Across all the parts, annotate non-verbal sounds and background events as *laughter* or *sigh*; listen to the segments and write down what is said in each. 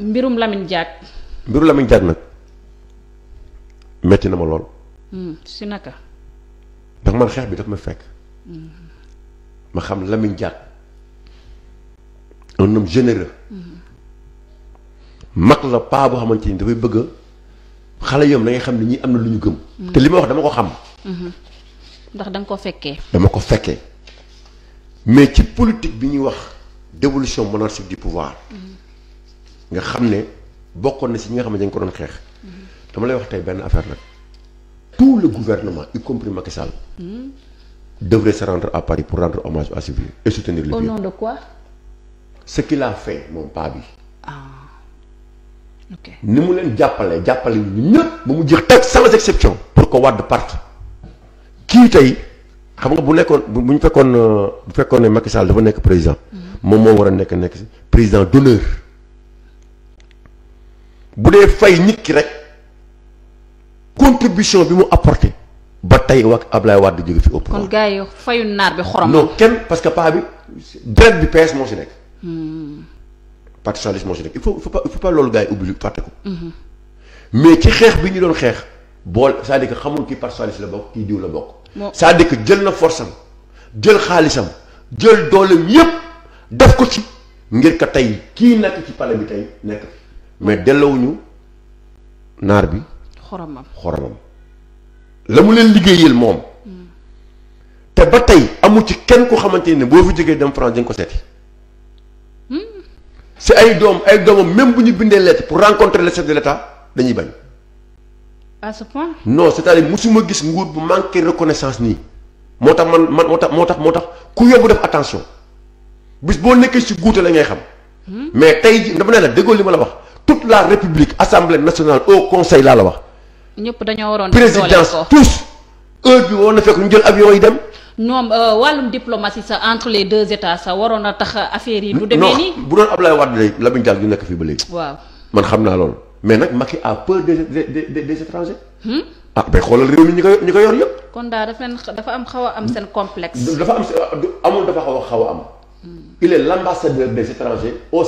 mbirum Lamine Diack. mbiru Lamine Diack nag metti na ma lool. Hmm, si naka. ndax man xeex bi daf ma fekk. Hmm. ma xam Lamine Diack un homme généreux. Hmm. mag la paa boo xamante ni dafay bëgg xale yoom da ngay xam ne am na lu ñu gëm. te li ma wax dama ko xam. ndax da ko fekkee. dama ko fekkee mais ci politique bi ñuy wax dévolution monarchique du pouvoir. nga xam ne bokkoon na si ñi nga xam ne dañ ko doon xeex. dama lay wax tey benn affaire nag tout le gouvernement y compris Macky Sall. devrait se rendre à Paris pour rendre hommage à ce vieux et soutenir le vieux. au a paa bi. Ah, ni mu leen jàppale jàppale ñu ñëpp ba mu jeex teg sans exception. pour que wàdd parte kii tey xam nga bu nekkoon bu ñu fekkoon euh, bu fekkoon ne Macky Sall dafa nekk président. moom moo war a nekk nekk président d'honneur bu dee fay nit ki rek contribution bi mu apporté ba tey wax Ablaye Wade jóge fi au pouvoir. kon gars yi naar bi xorom. non kenn parce que paa bi deret bi PS moo si nekk. Hmm. parti socialiste moo si nekk il faut faut il faut pas loolu gars yi obligé fàtte ko. Hmm. mais ci xeex bi ñu doon xeex bool c'est-à-dire que xamul kii parti socialiste la bokk kii diw la bokk. c'est-à-dire jël na force jël xaalisam jël dooleem yépp def ko ci ngir ko tey kii nekk ci pale bi tey nekk. mais delloowuñu naar bi. xoromam xoromam. la mu leen liggéeyal moom. Mm. te ba tey amu ci kenn ku xamante ne boo fi jógee dem France di ko seeti. Mm. si ay doom ay doomam même bu ñu bindee lettre pour rencontrer le chef de l'État dañuy bañ. à ce point. non si à dire gis nguur bu manqué reconnaissance nii moo tax man man moo tax moo tax moo tax ku yóbbu def attention bis boo nekkee si guute la ngay xam. Mm. mais tey ji dama ne la déggoo li ma la wax. toute la république assemblée nationale au conseil laa la wax. ñëpp dañoo waroon présidence tous heure bi woon na fekk ñu jël avion yi dem. ñoom euh, wàllum diplomatie sa entre les deux états sa waroon a tax affaire yi. du demee nii bu doon Ablaye Wade lay Lamine Diack ñu nekk fii ba léegi. waaw man xam naa loolu. mais nag Macky a peur des des des des hmm? ah mais xoolal réew mi ñu ko ñu ko yor yëpp. kon daal dafa dafa am xaw am seen complexe. dafa am amul dafa xaw a xaw am. Hmm. il est l' ambassadeur des étrangers au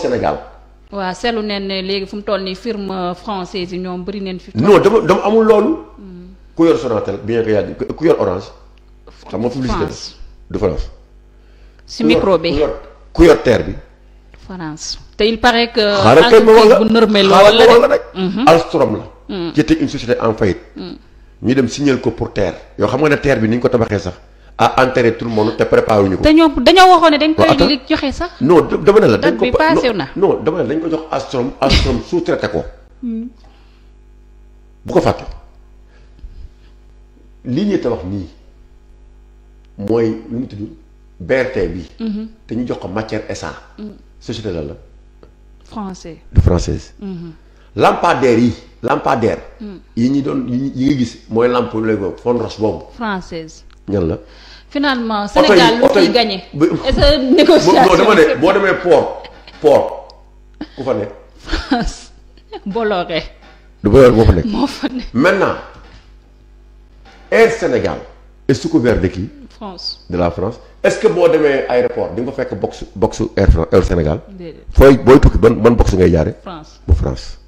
waaw seetlu neen ne léegi fu mu toll nii firme française yi ñoom bëri neen fi. non dama dama amul loolu. ku yor Sonatel bien que yàgg ku yor orange. xam nga publicité du France. si micro bi ku yor terre bi. France te il paraît que. xaaral kay ma wala xaaral ma wala rek. Mhm. Alstom la. jëndee mhm. une société en faillite. Mhm. ñu dem signer ko pour terre. yoo xam nga ne terre bi ni ñu ko tabaxee sax. a enterrer tout le monde te préparé wuñu ko. te ñoom dañoo waxoon ne dañ koy joxe sax. non dama ko non dama ne la dañ ko jox Astrom Astrom *laughs* sous-traité ko. Hmm. bu ko fàtte lii ñuy tabax nii mooy lu mu tudd BRT bi. Hmm. te ñu jox ko matière SA. Hmm. société la la. français de française. lampadaire yi. lampadaire. yi ñu doon yi nga gis mooy lampe léegi boobu fond roche boobu. ñan la. finalement Sénégal lu ciy gagné. est ce boo demee port port ku fa nekk. France *laughs* Bolloré. du Bolloré moo fa nekk moo fa maintenant Air Sénégal est sous couvert de qui. France de la France est ce que boo demee aéroport di nga fa fekk box boxu Air Sénégal. déedéet fooy booy tukki ban ban box ngay jaare France bu France.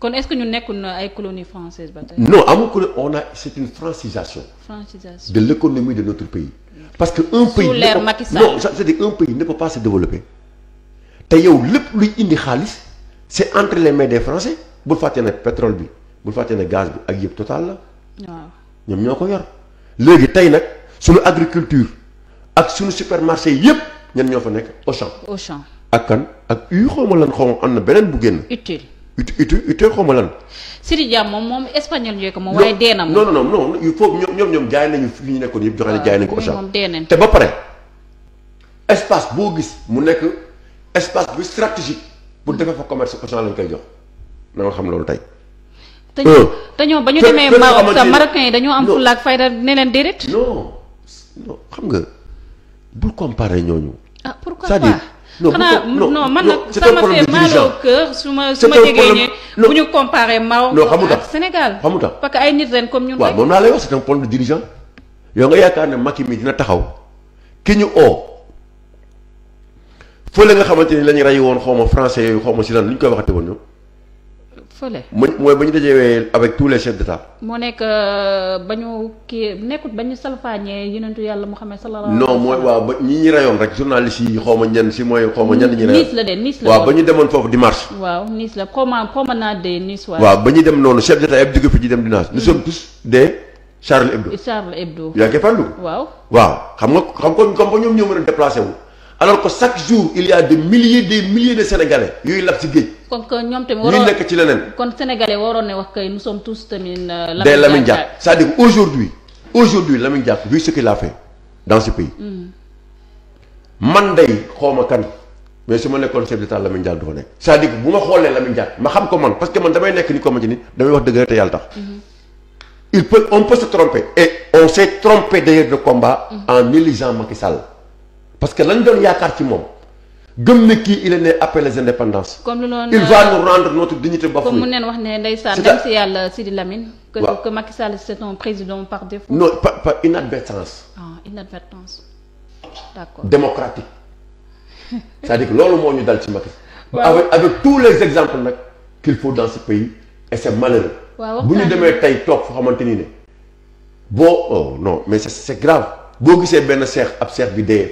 kon est-ce que ñu nekkul na ay colonie française ba tey. non amul colonie on a c'est une francisation. francisation de l'économie de notre pays. parce que un pays. sous l'ère Macky Sall cest à pays ne peut pas se développer. te yow lépp luy indi xaalis c'est entre les mains des français bul fàtte ne pétrole bi bul fàtte ne gaz bi ak yëpp total la. waaw ñoom ñoo ko yor. léegi tey nag suñu agriculture ak suñu supermarché yëpp ñan ñoo fa nekk Auchan. Auchan ak kan ak yu xaw ma lan am na beneen bu génn. utile. ut ut utile xaw ma lan. Sidi Dia moom moom espagnol ñooy ko moom. waaye dee na moom non non non il faut ñoom ñoom jaay nañu fi ñu nekkoon yëpp. waaw jaay nañu ko Auchan ah, te ba pare espace boo gis mu nekk espace bu stratégique pour defee fa commerce Auchan lañ koy jox na nga xam loolu tey. te ñoo euh, te ñoo ba ñu demee Maroc sax Marocains yi dañoo am fulla ak fayda ne leen déedéet. non non xam nga bul comparer ñooñu. ah pourquoi pas c'est-à-dire non xanaa non man nag ça m'a fait mal au cœur su ma su ma jegee ne bu ñu comparé Maroc ak Sénégal xamu tax parce que ay nit ren comme ñun waaw moom laa lay wax c'est un de dirigeant yow nga yaakaar ne Macky mii dina taxaw ki ñu o fële nga xamante ni la ñu rey woon xaw ma français yooyu xaw ma si lan li ñu koy waxate woon ñoom fële. mooy ba ñu dajewee avec tous les chefs d'État. moo nekk euh, ba ñu kii nekkut ba ñu salfaañee yonentu yàlla Muhammad sallallahu alayhi wa sallam. non mooy waaw ba ñi ñi rayoon rek journaliste yi xaw ma ñenn si mooy. xaw ma ñenn ñi rayoon Nice la de Nice la. waaw ba ñu demoon foofu di marche. waaw Nice la comment promenade de Nice. waaw ba ñu dem noonu chef d'État yëpp jóge fi di dem di marche nous sommes tous des. Charles Hebdo Charles yaa ngi koy waaw waaw xam nga xam ko comme ñoom ñoo mën a déplacé wu. alors que chaque jour il y a des milliers des milliers de sénégalais yooyu lab si géej. kon que ñoom tamit waroon ñu nekk ci leneen. kon sénégalais waroon ne wax kay nous sommes tous tamit. day euh, Lamine a fait dans ce pays. Hmm. man day xawma kan mais su ma nekkoon chef d'état Lamine Diack du fa nekk. cest à bu ma xoolee Lamine Diack ma xam ko man parce que man damay nekk ni ko ci nit damay wax dëgg te yàlla tax. Hmm. il peut on peut se tromper et on s'est trompé de combat. Hmm. en élisant Macky Sall. parce que lañ doon yaakaar ci moom gëm na kii il est né après les indépendances. comme loolu il va nous rendre notre dignité bafouée. comme mu neen wax ne ndeysaan dem si yàlla Sidi Lamine. que que Macky Sall président par défaut. non par par inadvertance. ah inadvertance d'accord démocratique *laughs* dire que loolu moo ñu dal ci Macky. avec avec tous les exemples nag qu'il faut dans ce pays et c'est malheureux. bu ñu demee tey toog foo xamante ni ne boo oh non mais c'est c'est grave boo gisee benn seex ab bi dee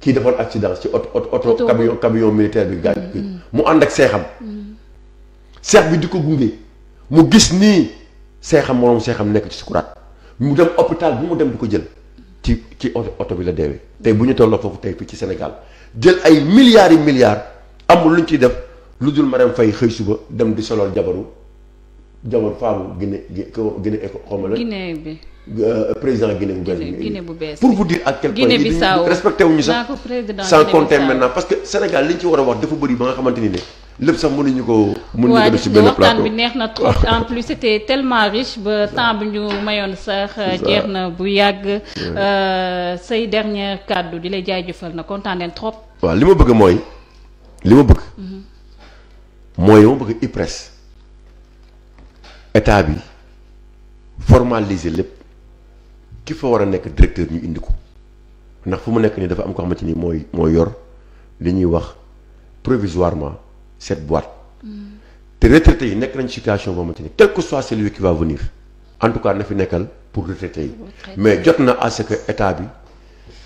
kii defoon accident ci oto oto camion camion militaire bi gaañ bi mm, mm, mm. mu ànd ak seexam seex bi di ko gunge mu gis nii seexam moom seexam nekk ci sukuraat mu dem hôpital bi mu dem du ko jël ci ci oto oto bi la deewee tey bu ñu tolloo foofu tey fii ci Sénégal jël ay milliards yi milliards amul lu ñu ciy def lu dul Marème Faye xëy suba dem di solol jabaru jamono faamu Guinée Guinée éco xaw ma la. bi. Euh, président Guinée bu bees Guinée bu bees pour vous dire à quel bi respecté wuñu sax sans compter maintenant parce que Sénégal li ñu ci war a wax dafa bëri ba nga xamante ni ne lépp sax mënuñu ko mën nañu ko def ci benn plateau bi neex na trop *laughs* en plus c'était tellement riche ba temps bi ñu mayoon sax jeex na bu yàgg euh, say dernier kàddu di lay jaay jëfal na kontaan nañ trop waaw li ma bëgg mooy li ma bëgg mhm. mooy li ma bëgg IPRES état bi formaliser lépp ki fa war a nekk directeur ñu indi ko ndax fu mu nekk nii dafa am ko xamante ni mooy mooy yor li ñuy wax provisoirement set boîte. Mm. te retraités yi nekk nañ situation boo xamante ni quel ko soit celui qui va venir en tout cas na fi nekkal pour retraités yi. mais jot na à ce que état bi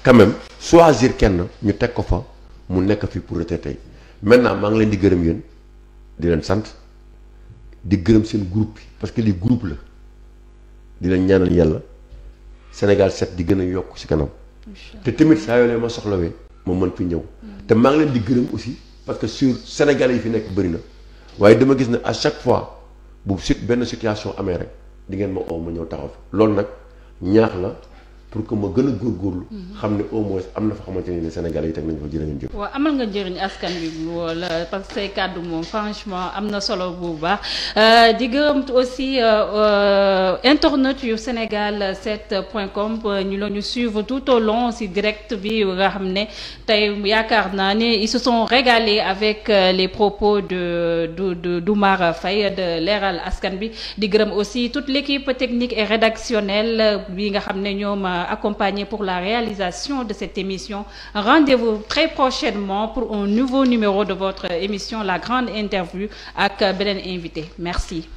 quand même choisir kenn ñu teg ko fa mu nekk fi pour retraités yi maintenant maa ngi leen di gërëm yéen di leen sant. di gërëm seen groupe bi parce que lii groupe la di leen ñaanal yàlla Sénégal set di gën a yokk ci kanam. te tamit saa yoo leen ma soxlawee. ma mën fi ñëw. Mm. te maa ngi leen di gërëm aussi parce que sur sénégal yi fi nekk bëri na waaye dama gis ne à chaque fois bu sit benn situation amee rek di ngeen ma oo ma ñëw taxaw fi loolu nag ñaax la. pour que ma gën a góorgóorlu. Mhm. xam ne au moins am na fa xamante ne Sénégal yi teg nañ fa jërëjëf jëf. waaw amal nga njëriñ askan bi wala parce que say kàddu moom franchement am na solo bu baax euh, di gërëm aussi euh, euh, internet yu Sénégal 7 point com ñu la ñu suivre tout au long si direct bi nga xam ne tey yaakaar naa ne ils se sont régalés avec les propos du de de d'Oumar Faye de leeral askan bi di gërëm aussi toute l'équipe technique et rédactionnelle bi nga xam accompagné pour la réalisation de cette émission. Rendez-vous très prochainement pour un nouveau numéro de votre émission La Grande Interview ak beneen invité. Merci.